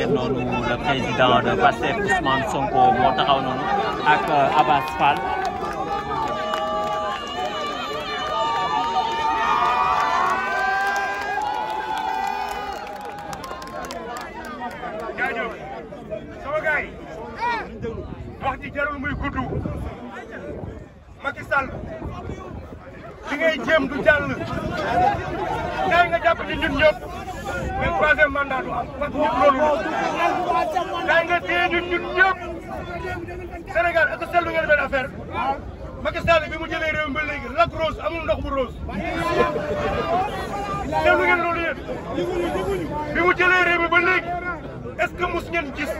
affaire noonu le président de Pastef Ousmane Sonko moo taxaw noonu ak euh, Abass Fall wax ji jarul muy gudd Macky Sall li ngay jéem du jàll ngay nga jàpp ci ñun mais troisième mandat du am parce que ñëpp loolu la. ñëpp Sénégal ak seetlu ngeen benn affaire bi mu jëlee réew mi ba léegi lac amul ndox bu rose. seetlu ngeen loolu bi mu jëlee réew mi ba léegi est ce que mos ngeen gis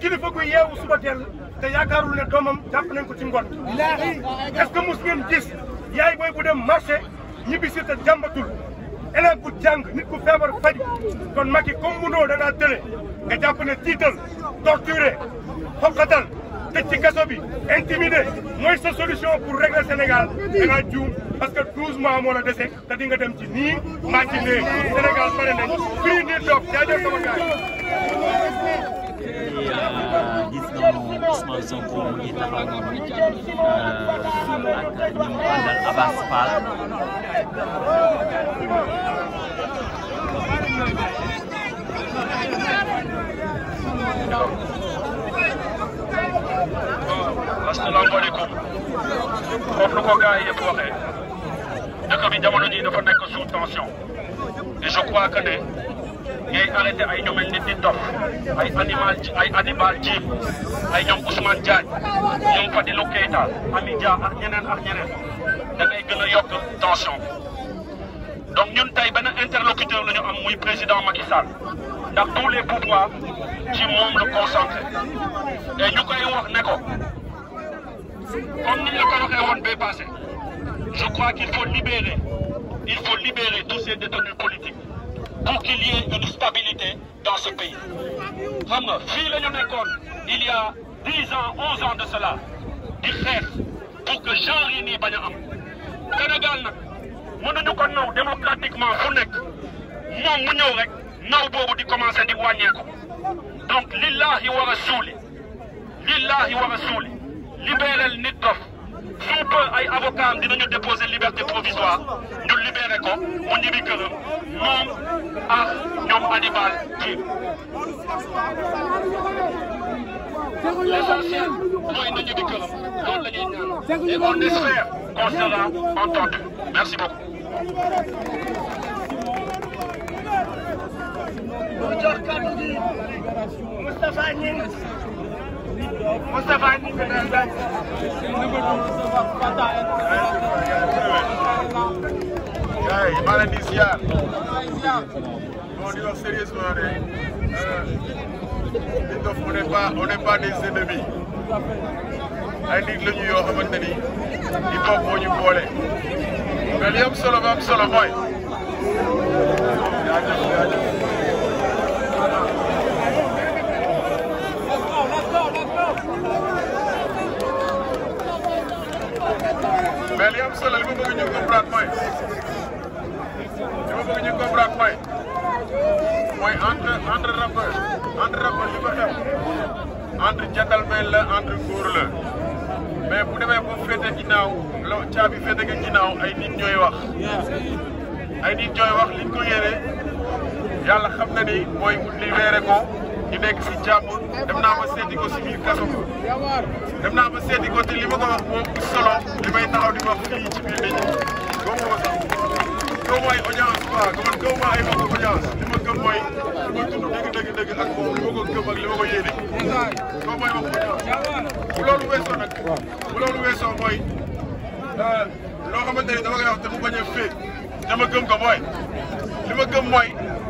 kilifa gu yeewu suba teel te yaakaarul ne doomam jàpp nañ ko ci ngont. est ce que mos ngeen gis yaay booy bu dem marché ñibbi si te jàmbatul. élève bu jàng nit ku feebar faj kon Macky comme munoo da ngaa tële nga jàpp ne tiital torturé xoqatal tëj ci kaso bi intimidé mooy sa solution pour régler Sénégal da ngaa juum parce que 12 mois moo la dese te nga dem ci nii maa ci nee Sénégal pare nañ fii nii toog jaajëf sama gars yi gis nañu Ousmane Sonko mu ngi ñu ak ñu àndal Abass Fall asalaamaaleykum comme nu ko gars yi yëpp waxee dëkk bi jamono ji dafa nekk sous tension et je crois que ne ngay arrêté ay ñoom nit di topp ay animal ay animal ji ay ñoom Ousmane Diagne ñoom Fadilou Keita Ami Dia ak ñeneen ak ñeneen da ngay gën a yokk tension bi. donc ñun tey benn interlocuteur la ñu am muy président Macky Sall ndax tous les pouvoirs ci moom la concentré te ñu koy wax ne ko comme ni ñu la ko waxee woon bee passé je crois qu'il faut libérer il faut libérer tous ces détenus politiques. à qu'il y une stabilité dans ce pays xam nga fii la ñu nekkoon il y a dix ans onze de cela di xeex pour que genre yi nii bañ a am Sénégal nag mënuñu ko naw démocratiquement fu nekk moom mu boobu di commencé di wàññeeku donc lillaahi wa rasuuli lillaahi nit dof sous peu ay avocat am dinañu déposer liberté provisoire ñu libéré ko mu ñibbi këram moom ak ñoom Hannibal Djim. l'essentiel mooy na ñibbi këram loolu la ñuy ñaan et on espère qu'on sera entendu merci beaucoup. Moustapha Gningue na la nëbëtu Moustapha Fata ay maa leen di ziar bon di wax sérieusement de di euh, dof on n'est pas on n'est pas des ennemis ay nit la ñu yoo xamante ni di bopp moo ñu boole mais li am solo ba am solo mooy jaajëf jaajëf li am solo li ma bëgg ñu comprendre mooy li ma bëgg ñu comprendre mooy mooy entre entre rappeur entre rappeur li ko xew entre gentleman la entre góor la mais bu demee ba féete ginnaaw la caabi féete ga ginnaaw ay nit ñooy wax ay nit ñooy wax liñ ko yéene yàlla xam na ni mooy mu libéré ko. ñu nekk si jàmm dem naa ba seeti ko si biir dem naa ba ko te ma ko wax solo li may taxaw di wax fii ci biir nit ñi boobu ma sax gëw ma ay audience quoi man gëw ma ay li ma gëm mooy li ma dund dëgg dëgg dëgg ma ko gëm ak ma ko yéene gëw ma ay waxu audience bu loolu weesoo nag bu loolu weesoo mooy euh, loo xamante ni dama koy wax te mu bañ a ko mooy li ma gëm mooy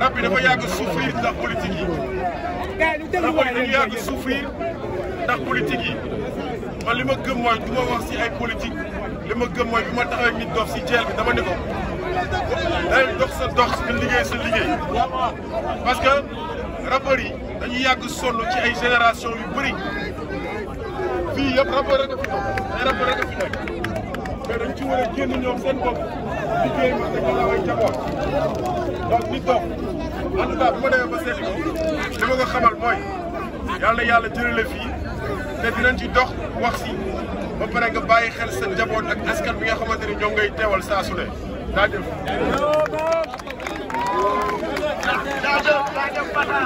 rab bi dafa yàgg souffrir ndax politique yi. rab bi dañu yàgg souffrir ndax politique yi man li ma gëm mooy du ma wax si ay politique li ma gëm mooy bi ma taxawee nit dof si jeel bi dama ne ko day dox sa dox nga liggéey sa liggéey parce que rappeurs yi yàgg sonn ci ay génération yu bëri fii yëpp rappeur rek a fi toog ay rappeur rek a fi nekk mais dañ ci war a génn ñoom seen bopp liggéey ma dañ ko laway jaboot donc nit dox en tout cas bu ba seeti ko li ma ko xamal mooy yàlla yàlla jëlee la fii te dinañ ci dox wax si ba pare nga xel sa njaboot ak bi nga xamante ni ñoom ngay teewal saa su ne jaajëf. jaajëf jaajëf Fata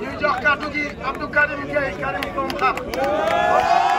ñuy jox kàddu gi Abdou Karim Gueye Karim Kom Xaar.